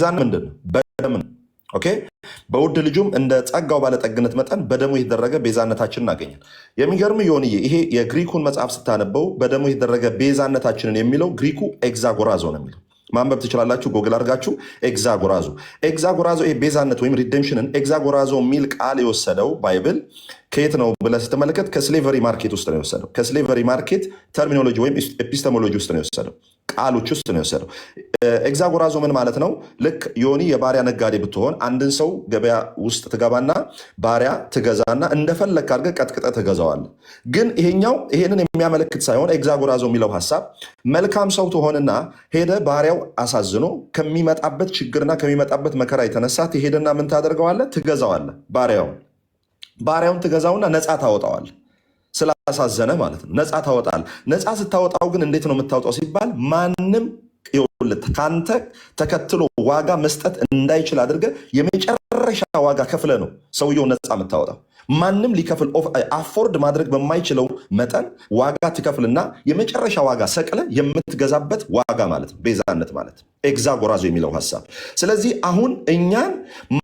ሚዛን ምንድን በደም ነው። ኦኬ። በውድ ልጁም እንደ ጸጋው ባለጠግነት መጠን በደሙ የተደረገ ቤዛነታችንን እናገኛል። የሚገርም ዮንዬ፣ ይሄ የግሪኩን መጽሐፍ ስታነበው በደሙ የተደረገ ቤዛነታችንን የሚለው ግሪኩ ኤግዛጎራዞ ነው የሚለው ማንበብ ትችላላችሁ። ጎግል አድርጋችሁ ኤግዛጎራዞ ኤግዛጎራዞ ቤዛነት ወይም ሪዴምሽንን ኤግዛጎራዞ የሚል ቃል የወሰደው ባይብል ከየት ነው ብለህ ስትመለከት ከስሌቨሪ ማርኬት ውስጥ ነው የወሰደው። ከስሌቨሪ ማርኬት ተርሚኖሎጂ ወይም ኤፒስተሞሎጂ ውስጥ ነው የወሰደው፣ ቃሎች ውስጥ ነው የወሰደው። ኤግዛጎራዞ ምን ማለት ነው? ልክ ዮኒ የባሪያ ነጋዴ ብትሆን አንድን ሰው ገበያ ውስጥ ትገባና ባሪያ ትገዛና እንደፈለግ አድርገህ ቀጥቅጠህ ትገዛዋለህ። ግን ይሄኛው ይሄንን የሚያመለክት ሳይሆን ኤግዛጎራዞ የሚለው ሀሳብ መልካም ሰው ትሆንና ሄደህ ባሪያው አሳዝኖ ከሚመጣበት ችግርና ከሚመጣበት መከራ የተነሳ ትሄደና ምን ታደርገዋለህ? ትገዛዋለህ ባሪያውን ባሪያውን ትገዛውና ነፃ ታወጣዋል። ስላሳዘነ ማለት ነው። ነፃ ታወጣል። ነፃ ስታወጣው ግን እንዴት ነው የምታወጣው ሲባል ማንም ከአንተ ተከትሎ ዋጋ መስጠት እንዳይችል አድርገ የመጨረሻ ዋጋ ከፍለ ነው ሰውየው ነፃ የምታወጣው። ማንም ሊከፍል አፎርድ ማድረግ በማይችለው መጠን ዋጋ ትከፍልና የመጨረሻ ዋጋ ሰቅለ የምትገዛበት ዋጋ ማለት ነው ቤዛነት ማለት ነው። ኤግዛጎራዞ የሚለው ሀሳብ። ስለዚህ አሁን እኛን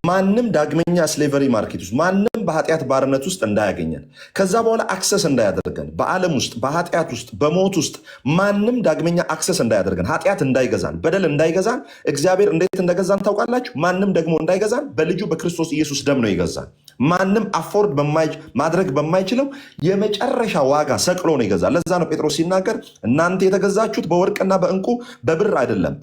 ማንም ዳግመኛ ስሌቨሪ ማርኬት ውስጥ ማንም በኃጢአት ባርነት ውስጥ እንዳያገኘን ከዛ በኋላ አክሰስ እንዳያደርገን በዓለም ውስጥ በኃጢአት ውስጥ በሞት ውስጥ ማንም ዳግመኛ አክሰስ እንዳያደርገን ኃጢአት እንዳይገዛን በደል እንዳይገዛን እግዚአብሔር እንዴት እንደገዛን ታውቃላችሁ። ማንም ደግሞ እንዳይገዛን በልጁ በክርስቶስ ኢየሱስ ደም ነው ይገዛን። ማንም አፎርድ ማድረግ በማይችለው የመጨረሻ ዋጋ ሰቅሎ ነው ይገዛል። ለዛ ነው ጴጥሮስ ሲናገር እናንተ የተገዛችሁት በወርቅና በእንቁ በብር አይደለም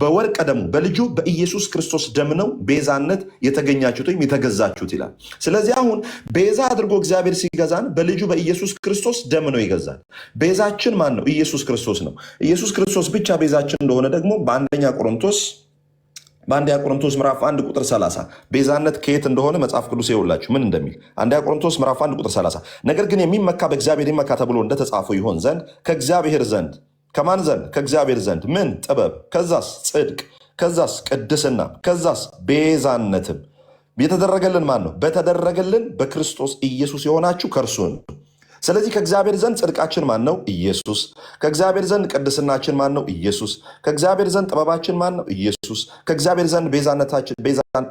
በወርቀ ደግሞ በልጁ በኢየሱስ ክርስቶስ ደም ነው ቤዛነት የተገኛችሁት ወይም የተገዛችሁት ይላል። ስለዚህ አሁን ቤዛ አድርጎ እግዚአብሔር ሲገዛን በልጁ በኢየሱስ ክርስቶስ ደም ነው ይገዛል። ቤዛችን ማን ነው? ኢየሱስ ክርስቶስ ነው። ኢየሱስ ክርስቶስ ብቻ ቤዛችን እንደሆነ ደግሞ በአንደኛ ቆሮንቶስ በአንደኛ ቆሮንቶስ ምዕራፍ 1 ቁጥር 30 ቤዛነት ከየት እንደሆነ መጽሐፍ ቅዱስ ይውላችሁ ምን እንደሚል አንደኛ ቆሮንቶስ ምዕራፍ 1 ቁጥር 30 ነገር ግን የሚመካ በእግዚአብሔር ይመካ ተብሎ እንደተጻፈው ይሆን ዘንድ ከእግዚአብሔር ዘንድ ከማን ዘንድ? ከእግዚአብሔር ዘንድ። ምን? ጥበብ። ከዛስ? ጽድቅ። ከዛስ? ቅድስና። ከዛስ? ቤዛነትም። የተደረገልን ማን ነው? በተደረገልን በክርስቶስ ኢየሱስ የሆናችሁ ከእርሱ ስለዚህ ከእግዚአብሔር ዘንድ ጽድቃችን ማን ነው? ኢየሱስ። ከእግዚአብሔር ዘንድ ቅድስናችን ማን ነው? ኢየሱስ። ከእግዚአብሔር ዘንድ ጥበባችን ማን ነው? ኢየሱስ። ከእግዚአብሔር ዘንድ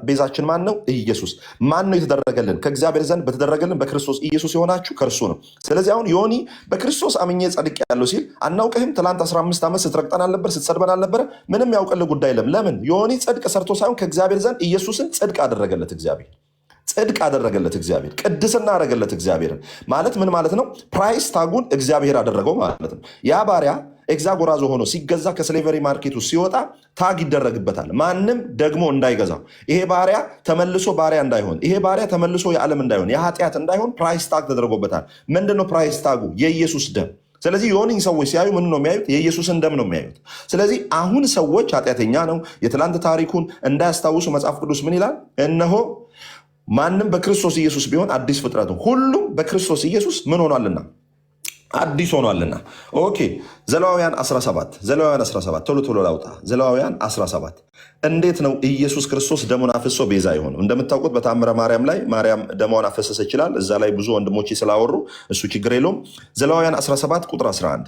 ቤዛችን ማን ነው? ኢየሱስ። ማን ነው የተደረገልን? ከእግዚአብሔር ዘንድ በተደረገልን በክርስቶስ ኢየሱስ የሆናችሁ ከእርሱ ነው። ስለዚህ አሁን ዮኒ በክርስቶስ አምኜ ጸድቅ ያለው ሲል አናውቅህም፣ ትላንት 15 ዓመት ስትረግጠን አልነበር፣ ስትሰድበን አልነበረ፣ ምንም ያውቅልህ ጉዳይ የለም። ለምን ዮኒ ጽድቅ ሰርቶ ሳይሆን ከእግዚአብሔር ዘንድ ኢየሱስን ጽድቅ አደረገለት እግዚአብሔር ጽድቅ አደረገለት እግዚአብሔር፣ ቅድስና አደረገለት እግዚአብሔርን። ማለት ምን ማለት ነው? ፕራይስ ታጉን እግዚአብሔር አደረገው ማለት ነው። ያ ባሪያ ኤግዛጎራዞ ሆኖ ሲገዛ ከስሌቨሪ ማርኬቱ ሲወጣ ታግ ይደረግበታል። ማንም ደግሞ እንዳይገዛው፣ ይሄ ባሪያ ተመልሶ ባሪያ እንዳይሆን፣ ይሄ ባሪያ ተመልሶ የዓለም እንዳይሆን፣ የኃጢአት እንዳይሆን ፕራይስ ታግ ተደርጎበታል። ምንድነው ፕራይስ ታጉ? የኢየሱስ ደም። ስለዚህ የሆንኝ ሰዎች ሲያዩ ምን ነው የሚያዩት? የኢየሱስን ደም ነው የሚያዩት። ስለዚህ አሁን ሰዎች ኃጢአተኛ ነው የትላንት ታሪኩን እንዳያስታውሱ መጽሐፍ ቅዱስ ምን ይላል? እነሆ ማንም በክርስቶስ ኢየሱስ ቢሆን አዲስ ፍጥረት ነው። ሁሉም በክርስቶስ ኢየሱስ ምን ሆኗልና አዲስ ሆኗልና። ኦኬ ዘሌዋውያን 17 ዘሌዋውያን 17 ቶሎ ቶሎ ላውጣ። ዘሌዋውያን 17 እንዴት ነው ኢየሱስ ክርስቶስ ደሞን አፍሶ ቤዛ የሆነው? እንደምታውቁት በታምረ ማርያም ላይ ማርያም ደሟን አፈሰሰ ይችላል። እዛ ላይ ብዙ ወንድሞች ስላወሩ እሱ ችግር የለውም። ዘሌዋውያን 17 ቁጥር 11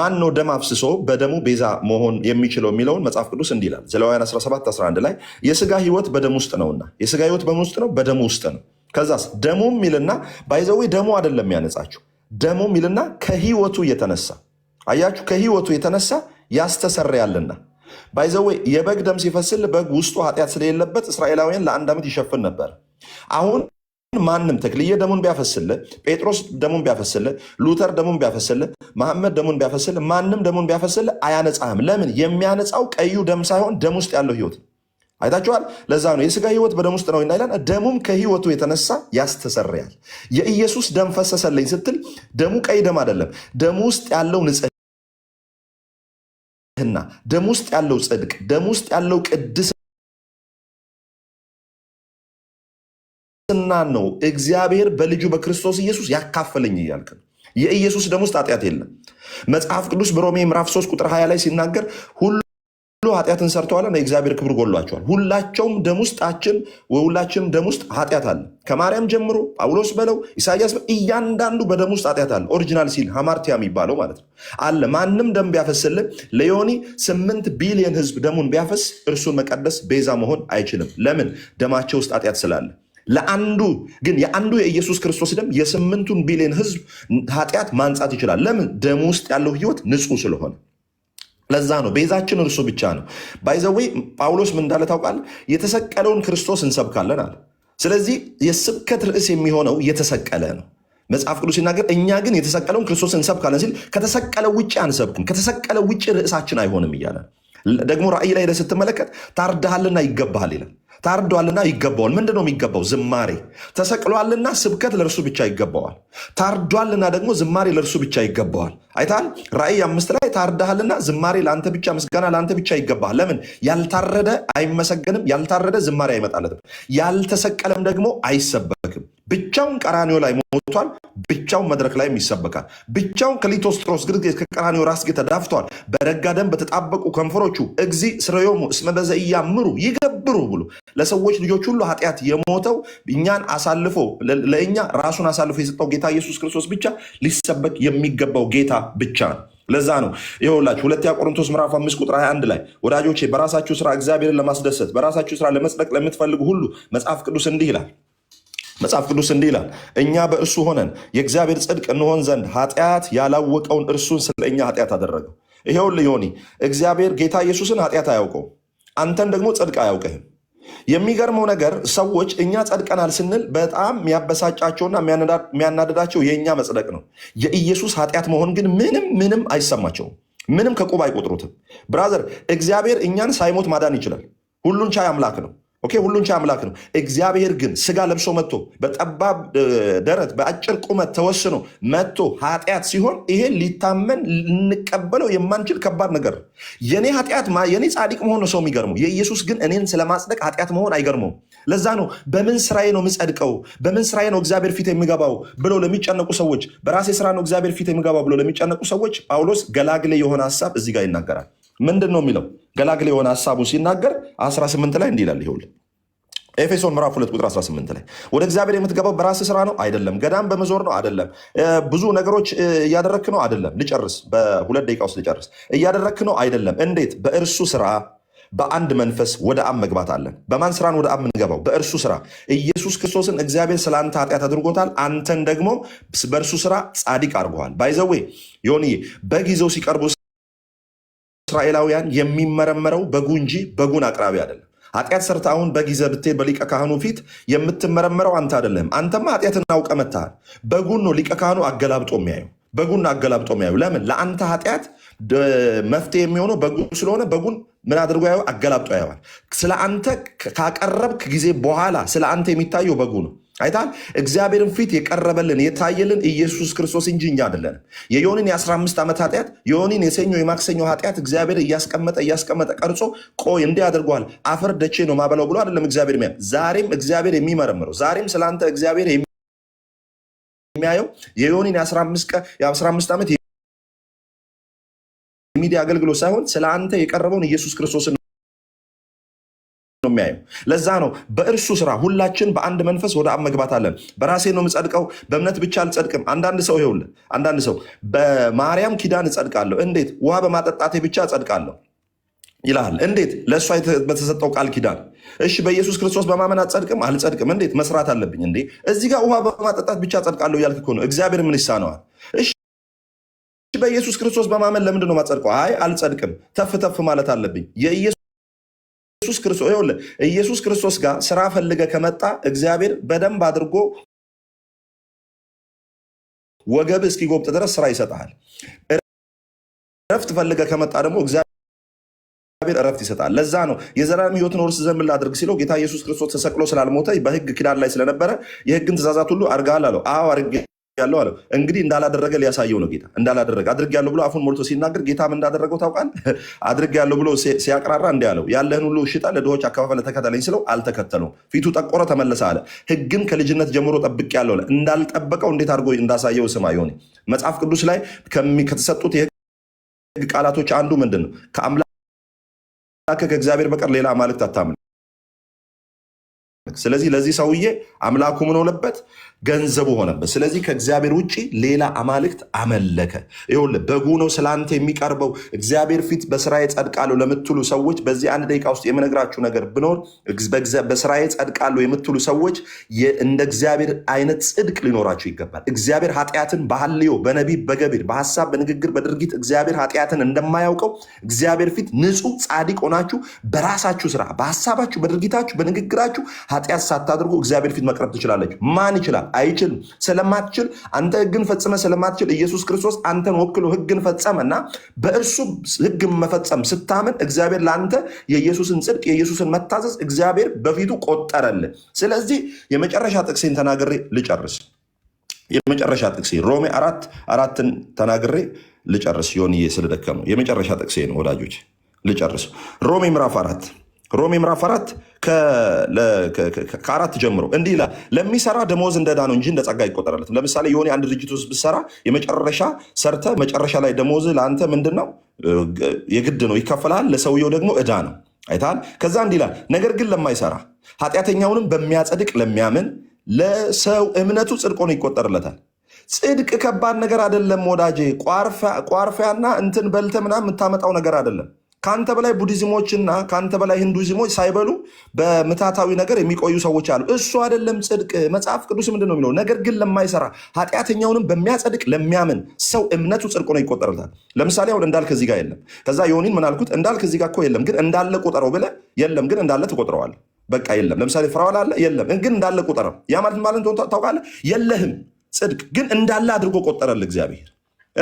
ማን ነው ደም አፍስሶ በደሙ ቤዛ መሆን የሚችለው የሚለውን መጽሐፍ ቅዱስ እንዲህ ይላል። ዘሌዋውያን 17 11 ላይ የስጋ ህይወት በደም ውስጥ ነውና፣ የስጋ ህይወት በምን ውስጥ ነው? በደም ውስጥ ነው። ከዛስ ደሙም ይልና ባይዘዌ ደሙ አይደለም ያነጻችሁ ደሞ ሚልና ከህይወቱ የተነሳ አያችሁ፣ ከህይወቱ የተነሳ ያስተሰርያልና። ባይዘዌ የበግ ደም ሲፈስል በግ ውስጡ ኃጢአት ስለሌለበት እስራኤላውያን ለአንድ ዓመት ይሸፍን ነበር። አሁን ማንም ተክልዬ ደሙን ቢያፈስል፣ ጴጥሮስ ደሙን ቢያፈስል፣ ሉተር ደሙን ቢያፈስል፣ መሐመድ ደሙን ቢያፈስል፣ ማንም ደሙን ቢያፈስል አያነጻህም። ለምን? የሚያነጻው ቀዩ ደም ሳይሆን ደም ውስጥ ያለው ህይወት ነው። አይታችኋል። ለዛ ነው የስጋ ህይወት በደም ውስጥ ነው ይላል። ደሙም ከህይወቱ የተነሳ ያስተሰርያል። የኢየሱስ ደም ፈሰሰልኝ ስትል ደሙ ቀይ ደም አይደለም። ደሙ ውስጥ ያለው ንጽህና፣ ደሙ ውስጥ ያለው ጽድቅ፣ ደሙ ውስጥ ያለው ቅድስና ነው እግዚአብሔር በልጁ በክርስቶስ ኢየሱስ ያካፈለኝ እያልክ ነው። የኢየሱስ ደም ውስጥ ኃጢአት የለም። መጽሐፍ ቅዱስ በሮሜ ምዕራፍ 3 ቁጥር 20 ላይ ሲናገር ሁሉ ሁሉ ኃጢአትን ሰርተዋልና የእግዚአብሔር ክብር ጎሏቸዋል። ሁላቸውም ደም ውስጣችን ሁላችንም ደም ውስጥ ኃጢአት አለ። ከማርያም ጀምሮ ጳውሎስ በለው ኢሳያስ፣ እያንዳንዱ በደም ውስጥ ኃጢአት አለ። ኦሪጂናል ሲል ሀማርቲያ የሚባለው ማለት ነው አለ። ማንም ደም ቢያፈስልን ለዮኒ ስምንት ቢሊየን ህዝብ ደሙን ቢያፈስ እርሱን መቀደስ ቤዛ መሆን አይችልም። ለምን? ደማቸው ውስጥ ኃጢአት ስላለ ለአንዱ ግን የአንዱ የኢየሱስ ክርስቶስ ደም የስምንቱን ቢሊዮን ህዝብ ኃጢአት ማንጻት ይችላል። ለምን? ደሙ ውስጥ ያለው ህይወት ንጹህ ስለሆነ ለዛ ነው ቤዛችን እርሱ ብቻ ነው። ባይዘዌ ጳውሎስ ምን እንዳለ ታውቃል? የተሰቀለውን ክርስቶስ እንሰብካለን አለ። ስለዚህ የስብከት ርዕስ የሚሆነው የተሰቀለ ነው። መጽሐፍ ቅዱስ ሲናገር እኛ ግን የተሰቀለውን ክርስቶስ እንሰብካለን ሲል ከተሰቀለ ውጭ አንሰብኩም፣ ከተሰቀለ ውጭ ርዕሳችን አይሆንም እያለ ደግሞ ራእይ ላይ ስትመለከት ታርዳሃልና ይገባሃል ይላል። ታርዷልና ይገባዋል። ምንድን ነው የሚገባው? ዝማሬ። ተሰቅሏልና ስብከት ለእርሱ ብቻ ይገባዋል። ታርዷልና ደግሞ ዝማሬ ለእርሱ ብቻ ይገባዋል። አይታል ራእይ አምስት ላይ ታርዳሃልና ዝማሬ ለአንተ ብቻ፣ ምስጋና ለአንተ ብቻ ይገባል። ለምን? ያልታረደ አይመሰገንም፣ ያልታረደ ዝማሬ አይመጣለትም፣ ያልተሰቀለም ደግሞ አይሰበክም። ብቻውን ቀራኒዮ ላይ ሞቷል። ብቻውን መድረክ ላይም ይሰበካል። ብቻውን ከሊቶስጥሮስ ግርጌ ከቀራኒዮ ራስጌ ተዳፍቷል። በረጋ ደም በተጣበቁ ከንፈሮቹ እግዚ ስረዮሙ እስመ በዘ ይገብሩ ብሎ ለሰዎች ልጆች ሁሉ ኃጢአት የሞተው እኛን አሳልፎ ለእኛ ራሱን አሳልፎ የሰጠው ጌታ ኢየሱስ ክርስቶስ ብቻ ሊሰበክ የሚገባው ጌታ ብቻ ነው። ለዛ ነው ይኸውላችሁ ሁለተኛ ቆሮንቶስ ምዕራፍ አምስት ቁጥር 21 ላይ ወዳጆቼ በራሳችሁ ስራ እግዚአብሔርን ለማስደሰት በራሳችሁ ስራ ለመጽደቅ ለምትፈልጉ ሁሉ መጽሐፍ ቅዱስ እንዲህ ይላል መጽሐፍ ቅዱስ እንዲህ ይላል፣ እኛ በእርሱ ሆነን የእግዚአብሔር ጽድቅ እንሆን ዘንድ ኃጢአት ያላወቀውን እርሱን ስለ እኛ ኃጢአት አደረገው። ይሄውን ልዮኒ እግዚአብሔር ጌታ ኢየሱስን ኃጢአት አያውቀው፣ አንተን ደግሞ ጽድቅ አያውቅህም። የሚገርመው ነገር ሰዎች እኛ ጸድቀናል ስንል በጣም የሚያበሳጫቸውና የሚያናደዳቸው የእኛ መጽደቅ ነው። የኢየሱስ ኃጢአት መሆን ግን ምንም ምንም አይሰማቸውም። ምንም ከቁብ አይቆጥሩትም። ብራዘር፣ እግዚአብሔር እኛን ሳይሞት ማዳን ይችላል። ሁሉን ቻይ አምላክ ነው። ኦኬ ሁሉን ቻይ አምላክ ነው። እግዚአብሔር ግን ስጋ ለብሶ መጥቶ በጠባብ ደረት በአጭር ቁመት ተወስኖ መጥቶ ኃጢአት ሲሆን ይሄ ሊታመን ልንቀበለው የማንችል ከባድ ነገር ነው። የኔ ኃጢአት የኔ ጻድቅ መሆን ነው ሰው የሚገርመው። የኢየሱስ ግን እኔን ስለማጽደቅ ኃጢአት መሆን አይገርመውም። ለዛ ነው በምን ስራዬ ነው የምጸድቀው፣ በምን ስራዬ ነው እግዚአብሔር ፊት የሚገባው ብለው ለሚጨነቁ ሰዎች፣ በራሴ ስራ ነው እግዚአብሔር ፊት የሚገባው ብሎ ለሚጨነቁ ሰዎች ጳውሎስ ገላግሌ የሆነ ሀሳብ እዚህ ጋር ይናገራል። ምንድን ነው የሚለው ገላግል የሆነ ሀሳቡን ሲናገር 18 ላይ እንዲላል ይሁል ኤፌሶን ምዕራፍ 2 ቁጥር 18 ላይ ወደ እግዚአብሔር የምትገባው በራስ ስራ ነው አይደለም፣ ገዳም በመዞር ነው አይደለም፣ ብዙ ነገሮች እያደረክ ነው አይደለም። ልጨርስ፣ በሁለት ደቂቃ ውስጥ ልጨርስ። እያደረክ ነው አይደለም። እንዴት? በእርሱ ስራ በአንድ መንፈስ ወደ አብ መግባት አለን። በማን ስራን ወደ አብ የምንገባው? በእርሱ ስራ። ኢየሱስ ክርስቶስን እግዚአብሔር ስለ አንተ ኃጢአት አድርጎታል፣ አንተን ደግሞ በእርሱ ስራ ጻድቅ አድርጎሃል። ባይዘዌ ዮኒ በጊዜው ሲቀርቡ እስራኤላውያን የሚመረመረው በጉ እንጂ በጉን አቅራቢ አይደለም። ኃጢአት ሰርተ አሁን በጊዜ ብትሄድ በሊቀ ካህኑ ፊት የምትመረመረው አንተ አይደለም። አንተማ ኃጢአትን አውቀ መታል በጉን ነው ሊቀ ካህኑ አገላብጦ የሚያዩ በጉን አገላብጦ የሚያዩ ለምን? ለአንተ ኃጢአት መፍትሄ የሚሆነው በጉ ስለሆነ በጉን ምን አድርጎ ያየው? አገላብጦ ያየዋል። ስለ አንተ ካቀረብክ ጊዜ በኋላ ስለ አንተ የሚታየው በጉ ነው። አይታል እግዚአብሔርን ፊት የቀረበልን የታየልን ኢየሱስ ክርስቶስ እንጂ እኛ አይደለንም። የዮኒን የ15 ዓመት ኃጢአት የዮኒን የሰኞ የማክሰኞ ኃጢአት እግዚአብሔር እያስቀመጠ እያስቀመጠ ቀርጾ ቆይ እንዲህ አድርጓል አፈር ደቼ ነው ማበላው ብሎ አይደለም እግዚአብሔር ሚያ ዛሬም እግዚአብሔር የሚመረምረው ዛሬም ስለአንተ እግዚአብሔር የሚያየው የዮኒን የ15 ዓመት የሚዲያ አገልግሎት ሳይሆን ስለ አንተ የቀረበውን ኢየሱስ ክርስቶስን የሚያየው። ለዛ ነው በእርሱ ስራ ሁላችን በአንድ መንፈስ ወደ አብ መግባት አለን። በራሴ ነው የምጸድቀው፣ በእምነት ብቻ አልጸድቅም። አንዳንድ ሰው ይኸውልህ፣ አንዳንድ ሰው በማርያም ኪዳን እጸድቃለሁ፣ እንዴት ውሃ በማጠጣቴ ብቻ እጸድቃለሁ ይላል። እንዴት ለእሷ በተሰጠው ቃል ኪዳን። እሺ በኢየሱስ ክርስቶስ በማመን አጸድቅም አልጸድቅም? እንዴት መስራት አለብኝ እንዴ? እዚህ ጋር ውሃ በማጠጣት ብቻ እጸድቃለሁ እያልክ እኮ ነው። እግዚአብሔር ምን ይሳነዋል? እሺ በኢየሱስ ክርስቶስ በማመን ለምንድን ነው ማጸድቀው? አይ አልጸድቅም፣ ተፍ ተፍ ማለት አለብኝ። ኢየሱስ ክርስቶስ ይኸውልህ፣ ኢየሱስ ክርስቶስ ጋር ስራ ፈልገ ከመጣ እግዚአብሔር በደንብ አድርጎ ወገብ እስኪጎብጥ ድረስ ስራ ይሰጣል። እረፍት ፈልገ ከመጣ ደግሞ እግዚአብሔር እረፍት ይሰጣል። ለዛ ነው የዘላለም ሕይወትን ወርስ ዘንድ ላድርግ ሲለው ጌታ ኢየሱስ ክርስቶስ ተሰቅሎ ስላልሞተ በሕግ ኪዳን ላይ ስለነበረ የሕግን ትእዛዛት ሁሉ አድርገሃል አለው። አዎ አድርጌ ያለው አለው እንግዲህ እንዳላደረገ ሊያሳየው ነው ጌታ እንዳላደረገ አድርግ ያለው ብሎ አፉን ሞልቶ ሲናገር ጌታም እንዳደረገው ታውቃል አድርግ ያለው ብሎ ሲያቅራራ እንዲህ አለው ያለህን ሁሉ ሽጠ ለድሆች አከፋፈል ተከተለኝ ስለው አልተከተለውም ፊቱ ጠቆረ ተመለሰ አለ ህግን ከልጅነት ጀምሮ ጠብቅ ያለው እንዳልጠበቀው እንዴት አድርጎ እንዳሳየው ስማ ይሆን መጽሐፍ ቅዱስ ላይ ከተሰጡት የህግ ቃላቶች አንዱ ምንድን ነው ከአምላክ ከእግዚአብሔር በቀር ሌላ አማልክት አታምን ስለዚህ ለዚህ ሰውዬ አምላኩ ምን ሆነበት? ገንዘቡ ሆነበት። ስለዚህ ከእግዚአብሔር ውጭ ሌላ አማልክት አመለከ። ይኸውልህ በጉ ነው ስለአንተ የሚቀርበው እግዚአብሔር ፊት በስራዬ ጸድቃለሁ ለምትሉ ሰዎች በዚህ አንድ ደቂቃ ውስጥ የምነግራችሁ ነገር ብኖር በስራዬ ጸድቃለሁ የምትሉ ሰዎች እንደ እግዚአብሔር አይነት ጽድቅ ሊኖራችሁ ይገባል። እግዚአብሔር ኃጢአትን በሐልዮ በነቢብ በገቢር በሀሳብ በንግግር በድርጊት እግዚአብሔር ኃጢአትን እንደማያውቀው እግዚአብሔር ፊት ንጹህ ጻድቅ ሆናችሁ በራሳችሁ ስራ በሀሳባችሁ በድርጊታችሁ በንግግራችሁ ኃጢአት ሳታደርጉ እግዚአብሔር ፊት መቅረብ ትችላለች። ማን ይችላል? አይችልም። ስለማትችል አንተ ህግን ፈጽመ ስለማትችል ኢየሱስ ክርስቶስ አንተን ወክሎ ህግን ፈጸመ እና በእርሱ ህግ መፈጸም ስታምን እግዚአብሔር ለአንተ የኢየሱስን ጽድቅ የኢየሱስን መታዘዝ እግዚአብሔር በፊቱ ቆጠረልን። ስለዚህ የመጨረሻ ጥቅሴን ተናግሬ ልጨርስ። የመጨረሻ ጥቅሴ ሮሜ አራት አራትን ተናግሬ ልጨርስ። ሆን ስለደከም ነው የመጨረሻ ጥቅሴ ነው ወዳጆች፣ ልጨርስ ሮሜ ምዕራፍ አራት ሮሜ ምዕራፍ አራት ከአራት ጀምሮ እንዲህ ይላል፣ ለሚሰራ ደሞዝ እንደ ዕዳ ነው እንጂ እንደ ጸጋ ይቆጠራለት። ለምሳሌ የሆነ አንድ ድርጅት ውስጥ ብትሰራ የመጨረሻ ሰርተ መጨረሻ ላይ ደሞዝ ለአንተ ምንድን ነው? የግድ ነው፣ ይከፈላል። ለሰውየው ደግሞ ዕዳ ነው። አይተሃል። ከዛ እንዲህ ይላል፣ ነገር ግን ለማይሰራ ኃጢአተኛውንም በሚያጸድቅ ለሚያምን ለሰው እምነቱ ጽድቅ ሆኖ ይቆጠርለታል። ጽድቅ ከባድ ነገር አይደለም ወዳጄ። ቋርፊያና እንትን በልተ ምናምን የምታመጣው ነገር አይደለም። ከአንተ በላይ ቡዲዝሞች እና ከአንተ በላይ ሂንዱዝሞች ሳይበሉ በምታታዊ ነገር የሚቆዩ ሰዎች አሉ። እሱ አይደለም ጽድቅ። መጽሐፍ ቅዱስ ምንድን ነው የሚለው? ነገር ግን ለማይሰራ ኃጢአተኛውንም በሚያጸድቅ ለሚያምን ሰው እምነቱ ጽድቅ ነው ይቆጠርለታል። ለምሳሌ አሁን እንዳልክ እዚህ ጋር የለም። ከዛ ዮኒን ምናልኩት አልኩት? እንዳልክ እዚህ ጋር እኮ የለም፣ ግን እንዳለ ቁጠረው ብለ የለም፣ ግን እንዳለ ትቆጥረዋል። በቃ የለም። ለምሳሌ ፍራዋል አለ፣ የለም፣ ግን እንዳለ ቁጠረው። ያ ማለት ማለት ታውቃለህ፣ የለህም ጽድቅ ግን እንዳለ አድርጎ ቆጠረል እግዚአብሔር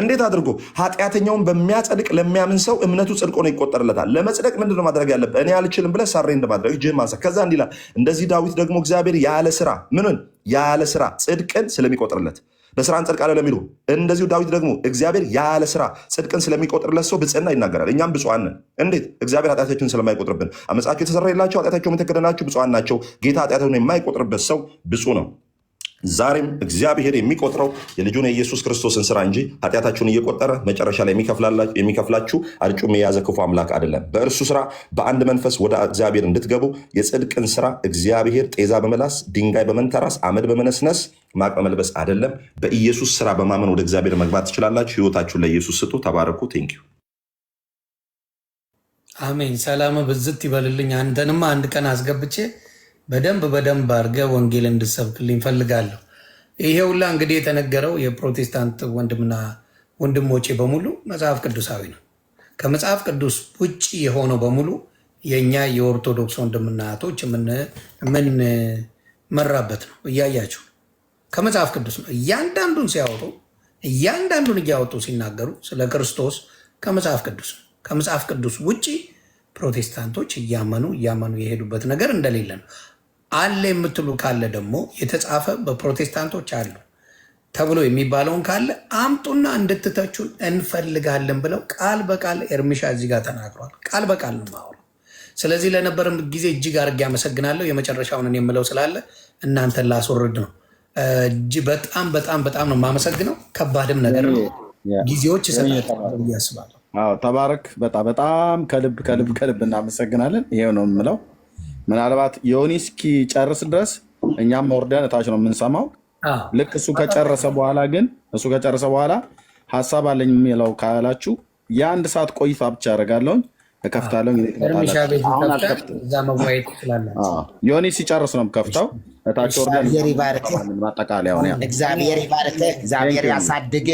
እንዴት አድርጎ ኃጢአተኛውን በሚያጸድቅ ለሚያምን ሰው እምነቱ ጽድቅ ሆኖ ይቆጠርለታል። ለመጽደቅ ምንድነው ማድረግ ያለብህ? እኔ አልችልም ብለህ ሳሬ እንደማድረግ እጅህን ማንሳት። ከዛ እንዲህ እንደዚህ ዳዊት ደግሞ እግዚአብሔር ያለ ስራ ምንን ያለ ስራ ጽድቅን ስለሚቆጥርለት በስራ እንጸድቃለን ለሚሉ እንደዚሁ ዳዊት ደግሞ እግዚአብሔር ያለ ስራ ጽድቅን ስለሚቆጥርለት ሰው ብጽዕና ይናገራል። እኛም ብፁዓን ነን። እንዴት? እግዚአብሔር ኃጢአታችን ስለማይቆጥርብን፣ አመፃቸው የተሰራ የላቸው ኃጢአታቸው የተከደናቸው ናቸው ብፁዓን ናቸው። ጌታ ኃጢአታቸውን የማይቆጥርበት ሰው ብፁ ነው። ዛሬም እግዚአብሔር የሚቆጥረው የልጁን የኢየሱስ ክርስቶስን ስራ እንጂ ኃጢአታችሁን እየቆጠረ መጨረሻ ላይ የሚከፍላችሁ አርጩም የያዘ ክፉ አምላክ አይደለም። በእርሱ ስራ በአንድ መንፈስ ወደ እግዚአብሔር እንድትገቡ የጽድቅን ስራ እግዚአብሔር ጤዛ በመላስ ድንጋይ በመንተራስ አመድ በመነስነስ ማቅ በመልበስ አይደለም። በኢየሱስ ስራ በማመን ወደ እግዚአብሔር መግባት ትችላላችሁ። ህይወታችሁን ለኢየሱስ ስጡ። ተባረኩ። ቴንኪዩ አሜን። ሰላም ብዝት ይበልልኝ። አንተንማ አንድ ቀን አስገብቼ በደንብ በደንብ አድርገህ ወንጌል እንድሰብክልኝ ፈልጋለሁ። ይሄ ሁላ እንግዲህ የተነገረው የፕሮቴስታንት ወንድምና ወንድሞቼ በሙሉ መጽሐፍ ቅዱሳዊ ነው። ከመጽሐፍ ቅዱስ ውጭ የሆነው በሙሉ የእኛ የኦርቶዶክስ ወንድምና እህቶች የምንመራበት ነው። እያያቸው ከመጽሐፍ ቅዱስ ነው። እያንዳንዱን ሲያወጡ እያንዳንዱን እያወጡ ሲናገሩ ስለ ክርስቶስ ከመጽሐፍ ቅዱስ ነው። ከመጽሐፍ ቅዱስ ውጭ ፕሮቴስታንቶች እያመኑ እያመኑ የሄዱበት ነገር እንደሌለ ነው። አለ የምትሉ ካለ ደግሞ የተጻፈ በፕሮቴስታንቶች አሉ ተብሎ የሚባለውን ካለ አምጡና እንድትተቹን እንፈልጋለን ብለው ቃል በቃል ኤርሚሻ እዚህ ጋር ተናግሯል። ቃል በቃል ነው ስለዚህ ለነበረም ጊዜ እጅግ አድርጌ አመሰግናለሁ። የመጨረሻውን የምለው ስላለ እናንተን ላስወርድ ነው። በጣም በጣም በጣም ነው የማመሰግነው። ከባድም ነገር ነው። ጊዜዎች ይሰጣል ተባረክ። በጣም በጣም ከልብ ከልብ ከልብ እናመሰግናለን። ይሄው ነው የምለው። ምናልባት ዮኒ ጨርስ ድረስ እኛም ወርደን እታች ነው የምንሰማው። ልክ እሱ ከጨረሰ በኋላ ግን እሱ ከጨረሰ በኋላ ሀሳብ አለኝ የሚለው ካላችሁ የአንድ ሰዓት ቆይታ ብቻ ያደርጋለሁ፣ እከፍታለሁ። ዮኒ ሲጨርስ ነው ከፍተው እታች ወርደን ማጠቃለያ እግዚአብሔር ይባርክ፣ እግዚአብሔር ያሳድግ።